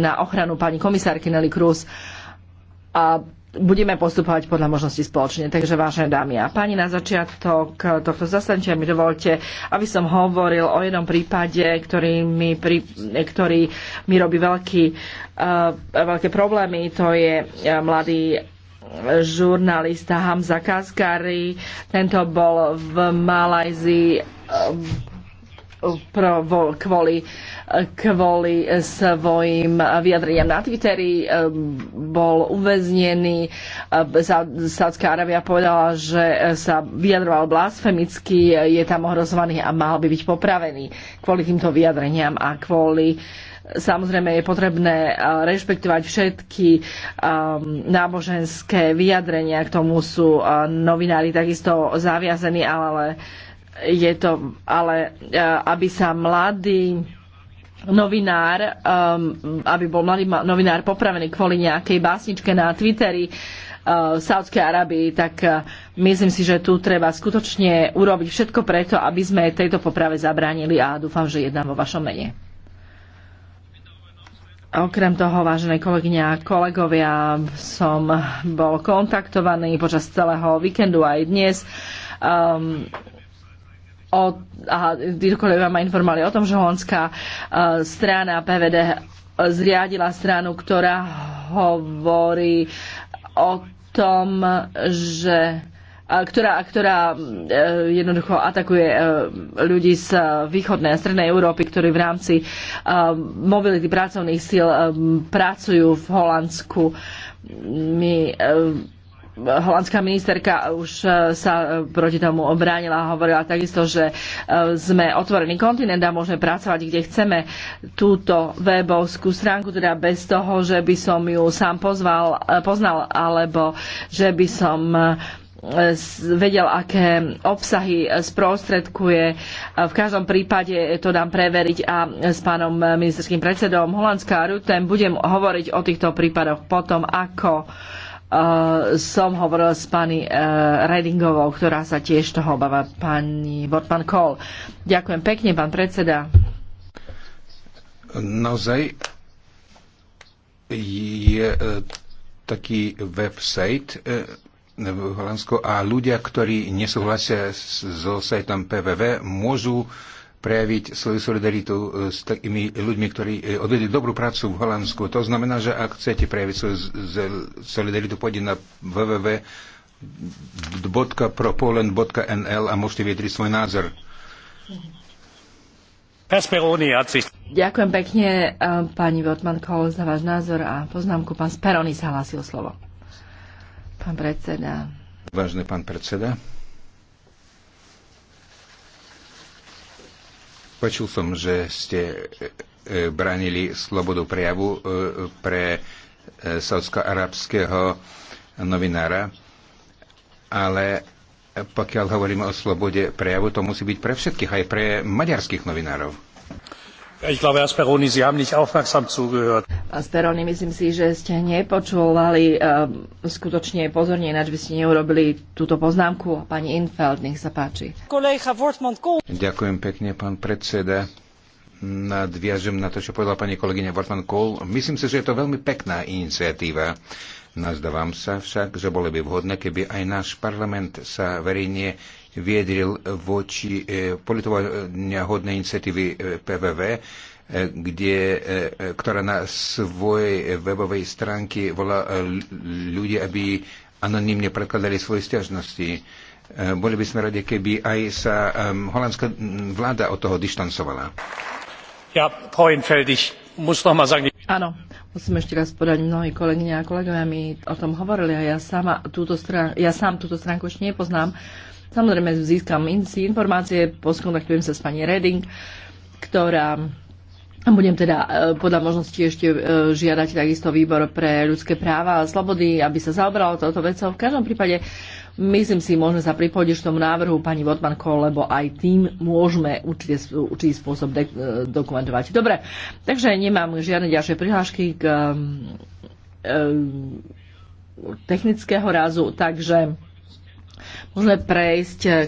na ochranu pani komisárky Nelly Cruz a budeme postupovať podľa možnosti spoločne. Takže vážené dámy a páni, na začiatok tohto zasadnutia mi dovolte, aby som hovoril o jednom prípade, ktorý mi, pri, ktorý mi robí veľký, uh, veľké problémy. To je uh, mladý eh, žurnalista Hamza Kaskari. Tento bol v Malajzii uh, kvôli, kvôli svojim vyjadreniam na Twitteri eh, bol uväznený. Eh, Sádzka Arábia povedala, že eh, sa vyjadroval blasfemicky, je tam ohrozovaný a mal by byť popravený kvôli týmto vyjadreniam a kvôli Samozrejme je potrebné rešpektovať všetky um, náboženské vyjadrenia, k tomu sú uh, novinári takisto zaviazení, ale ale je to ale, e, aby sa mladý novinár, um, aby bol mladý novinár popravený kvôli nejakej básničke na Twitteri e, v Sáudskej Arabii, tak e, myslím si, že tu treba skutočne urobiť všetko preto, aby sme tejto poprave zabránili a dúfam, že jednám vo vašom mene. Okrem toho, vážené kolegyňa a kolegovia, som bol kontaktovaný počas celého víkendu aj dnes um, o, a dokonca vám informovali o tom, že holandská e, strana PVD zriadila stranu, ktorá hovorí o tom, že e, ktorá, ktorá e, jednoducho atakuje ľudí z východnej a strednej Európy, ktorí v rámci mobility pracovných síl pracujú v Holandsku. My holandská ministerka už e, sa e, proti tomu obránila a hovorila takisto, že e, sme otvorený kontinent a môžeme pracovať, kde chceme túto webovskú stránku, teda bez toho, že by som ju sám pozval, poznal, alebo že by som vedel, aké obsahy sprostredkuje. V každom prípade to dám preveriť a s pánom ministerským predsedom Holandská Rutem budem hovoriť o týchto prípadoch potom, ako uh, Eh, som hovoril s pani eh, Redingovou, ktorá sa tiež toho obáva, pani Bortman Kohl. Ďakujem pekne, pán predseda. Naozaj je eh, taký website v Holandsku a ľudia, ktorí nesúhlasia so sajtom PVV, môžu prejaviť svoju solidaritu eh, s takými ľuďmi, ktorí eh, odvedli dobrú prácu v Holandsku. To znamená, že ak chcete prejaviť svoju solidaritu, pôjde na www.propoland.nl a môžete vyjadriť svoj názor. Ďakujem pekne, eh, pani Votman Kohl, za váš názor a poznámku. Pán Speroni sa hlásil slovo. Pán predseda. Vážne pán predseda. Počul som, že ste e, e, bránili slobodu prejavu e, pre saudsko-arabského novinára, ale pokiaľ hovoríme o slobode prejavu, to musí byť pre všetkých, aj pre maďarských novinárov. Ich glaube, Herr Speroni, Sie haben nicht aufmerksam zugehört. Speroni, myslím si, že ste nepočúvali eh, skutočne pozorne, ináč by ste neurobili túto poznámku. Pani Infeld, nech sa páči. Ďakujem pekne, pán predseda. Nadviažem na to, čo povedala pani kolegyňa Wortmann Kohl. Myslím si, že je to veľmi pekná iniciatíva. Nazdávam sa však, že bolo by vhodné, keby aj náš parlament sa verejne viedril voči e, politovania hodnej iniciatívy eh, PVV, E, kde, e, e, ktorá na svojej webovej stránke volá ľudí, aby anonimne predkladali svoje stiažnosti. Boli by sme radi, keby aj sa holandská vláda od toho dištancovala. Ja, Frauenfeld, ich muss noch mal sagen... Áno, musím ešte raz podať, mnohí kolegyne a kolegovia mi o tom hovorili a ja, sama túto strán- ja sám túto stránku ešte nepoznám. Samozrejme získam informácie, poskontaktujem sa s pani Reding, ktorá budem teda e, podľa možnosti ešte e, žiadať takisto výbor pre ľudské práva a slobody, aby sa zaobralo toto vecou. V každom prípade myslím si, môžeme sa pripojiť k tomu návrhu pani Votmanko, lebo aj tým môžeme určite, určitý spôsob e, dokumentovať. Dobre, takže nemám žiadne ďalšie prihlášky k technického razu, takže môžeme prejsť